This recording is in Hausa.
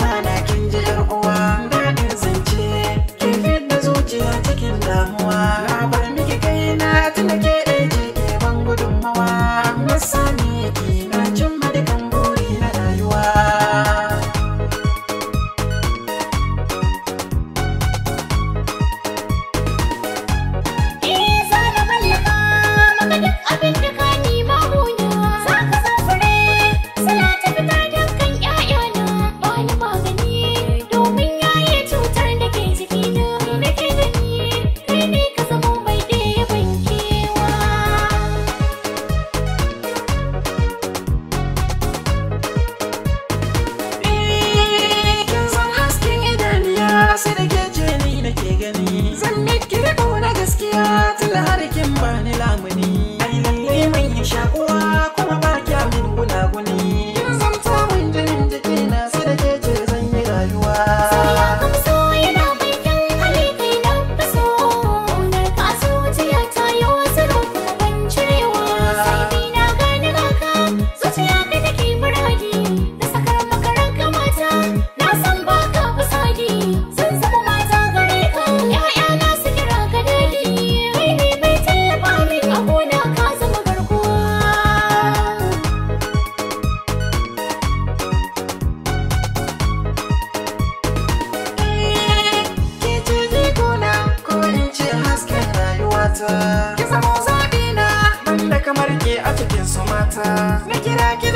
I'm mata ki zamo zaɓina banda kamar ke a cikin su mata na kira